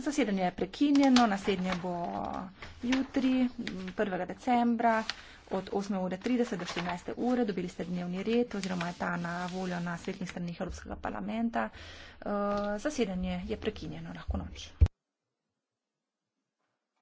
zasedanje je prekinjeno, naslednje bo jutri, 1. decembra, od 8.30 do 14.00. Dobili ste dnevni red oziroma je ta na voljo na svetnih stranih Evropskega parlamenta. Eh, zasedanje je prekinjeno, lahko noč.